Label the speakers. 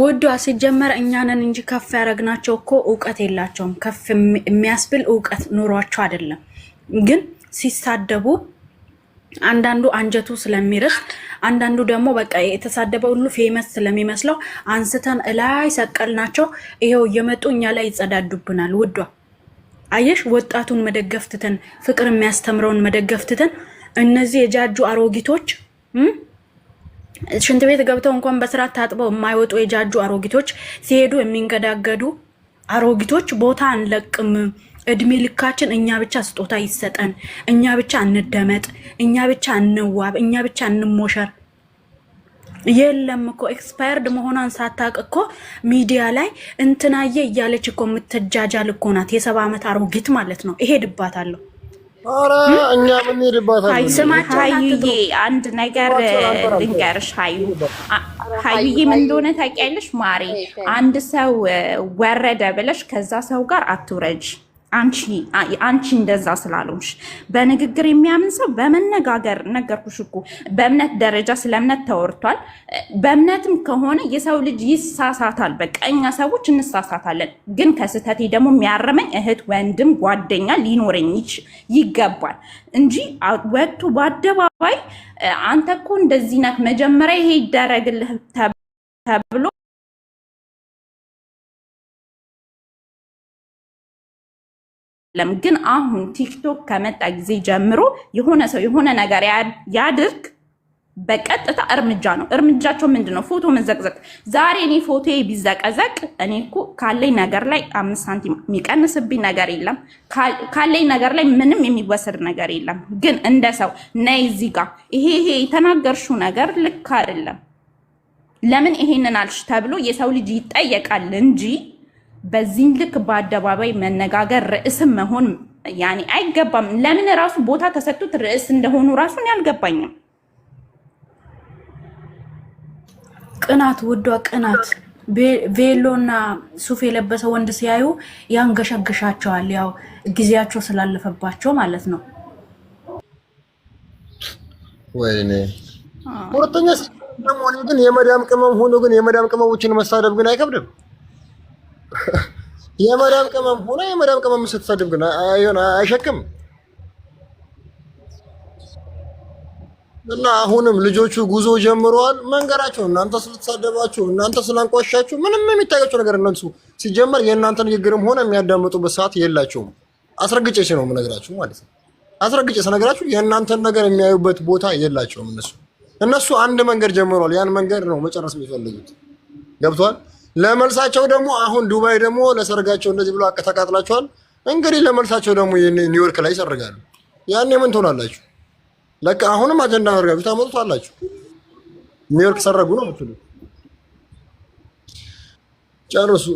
Speaker 1: ወዷ ሲጀመር እኛንን እንጂ ከፍ ያደረግናቸው እኮ እውቀት የላቸውም። ከፍ የሚያስብል እውቀት ኑሯቸው አይደለም። ግን ሲሳደቡ አንዳንዱ አንጀቱ ስለሚርስ፣ አንዳንዱ ደግሞ በቃ የተሳደበ ሁሉ ፌመስ ስለሚመስለው አንስተን እላይ ሰቀልናቸው። ይሄው እየመጡ እኛ ላይ ይጸዳዱብናል። ውዷ አየሽ፣ ወጣቱን መደገፍ ትተን ፍቅር የሚያስተምረውን መደገፍ ትተን እነዚህ የጃጁ አሮጊቶች ሽንት ቤት ገብተው እንኳን በስርዓት ታጥበው የማይወጡ የጃጁ አሮጊቶች ሲሄዱ የሚንገዳገዱ አሮጊቶች ቦታ አንለቅም። እድሜ ልካችን እኛ ብቻ ስጦታ ይሰጠን፣ እኛ ብቻ እንደመጥ፣ እኛ ብቻ እንዋብ፣ እኛ ብቻ እንሞሸር። የለም እኮ ኤክስፓየርድ መሆኗን ሳታቅ እኮ ሚዲያ ላይ እንትናዬ እያለች እኮ የምትጃጃል እኮ ናት። የሰባ ዓመት አሮጊት ማለት ነው። እሄድባታለሁ
Speaker 2: እኛ ምንሄድባታል?
Speaker 3: ሀዩዬ
Speaker 4: አንድ ነገር ልንገርሽ። ሀዩ ሀዩዬ ምን እንደሆነ ታውቂያለሽ? ማሬ አንድ ሰው ወረደ ብለሽ ከዛ ሰው ጋር አትውረጅ። አንቺ አንቺ እንደዛ ስላልሆንሽ በንግግር የሚያምን ሰው በመነጋገር ነገርኩሽ እኮ በእምነት ደረጃ ስለ እምነት ተወርቷል። በእምነትም ከሆነ የሰው ልጅ ይሳሳታል። በቃ እኛ ሰዎች እንሳሳታለን። ግን ከስህተቴ ደግሞ የሚያረመኝ እህት፣ ወንድም፣ ጓደኛ ሊኖረኝ ይገባል እንጂ ወቅቱ በአደባባይ አንተ እኮ እንደዚህ ነህ መጀመሪያ ይሄ ይደረግልህ ተብሎ ለም ግን አሁን ቲክቶክ ከመጣ ጊዜ ጀምሮ የሆነ ሰው የሆነ ነገር ያድርግ፣ በቀጥታ እርምጃ ነው። እርምጃቸው ምንድን ነው? ፎቶ መዘቅዘቅ። ዛሬ እኔ ፎቶ ቢዘቀዘቅ እኔ እኮ ካለኝ ነገር ላይ አምስት ሳንቲም የሚቀንስብኝ ነገር የለም። ካለኝ ነገር ላይ ምንም የሚወሰድ ነገር የለም። ግን እንደ ሰው ነይ እዚህ ጋር ይሄ ይሄ የተናገርሽው ነገር ልክ አይደለም፣ ለምን ይሄንን አልሽ ተብሎ የሰው ልጅ ይጠየቃል እንጂ በዚህ ልክ በአደባባይ መነጋገር ርዕስም መሆን ያኔ አይገባም። ለምን ራሱ ቦታ ተሰጡት ርዕስ እንደሆኑ ራሱን አልገባኝም።
Speaker 1: ቅናት ውዷ ቅናት ቬሎና ሱፍ የለበሰ ወንድ ሲያዩ ያንገሸግሻቸዋል። ያው ጊዜያቸው ስላለፈባቸው ማለት ነው።
Speaker 2: ወይኔ
Speaker 5: ሁለተኛ ግን የመዳም ቅመም ሆኖ ግን የመዳም ቅመሞችን መሳደብ ግን አይከብድም። የመዳም ቅመም ሆነ የመዳም ቅመም ስትሰድብ ግን አይሆን አይሸክም እና አሁንም ልጆቹ ጉዞ ጀምረዋል። መንገራቸው እናንተ ስለተሳደባችሁ እናንተ ስላንቋሻችሁ ምንም የሚታያቸው ነገር እነሱ ሲጀመር የእናንተ ንግግርም ሆነ የሚያዳምጡበት ሰዓት የላቸውም። አስረግጬ ሲ ነው የምነግራችሁ ማለት ነው። አስረግጬ ስነግራችሁ የእናንተን ነገር የሚያዩበት ቦታ የላቸውም። እነሱ እነሱ አንድ መንገድ ጀምረዋል። ያን መንገድ ነው መጨረስ የሚፈልጉት። ገብቷል ለመልሳቸው ደግሞ አሁን ዱባይ ደግሞ ለሰርጋቸው እንደዚህ ብሎ ተቃጥላቸዋል። እንግዲህ ለመልሳቸው ደግሞ ኒውዮርክ ላይ ይሰርጋሉ። ያኔ ምን ትሆናላችሁ? ለካ አሁንም አጀንዳ አድርጋችሁ ታመጡታላችሁ። ኒውዮርክ ሰረጉ ነው የምትሉ ጨርሱ።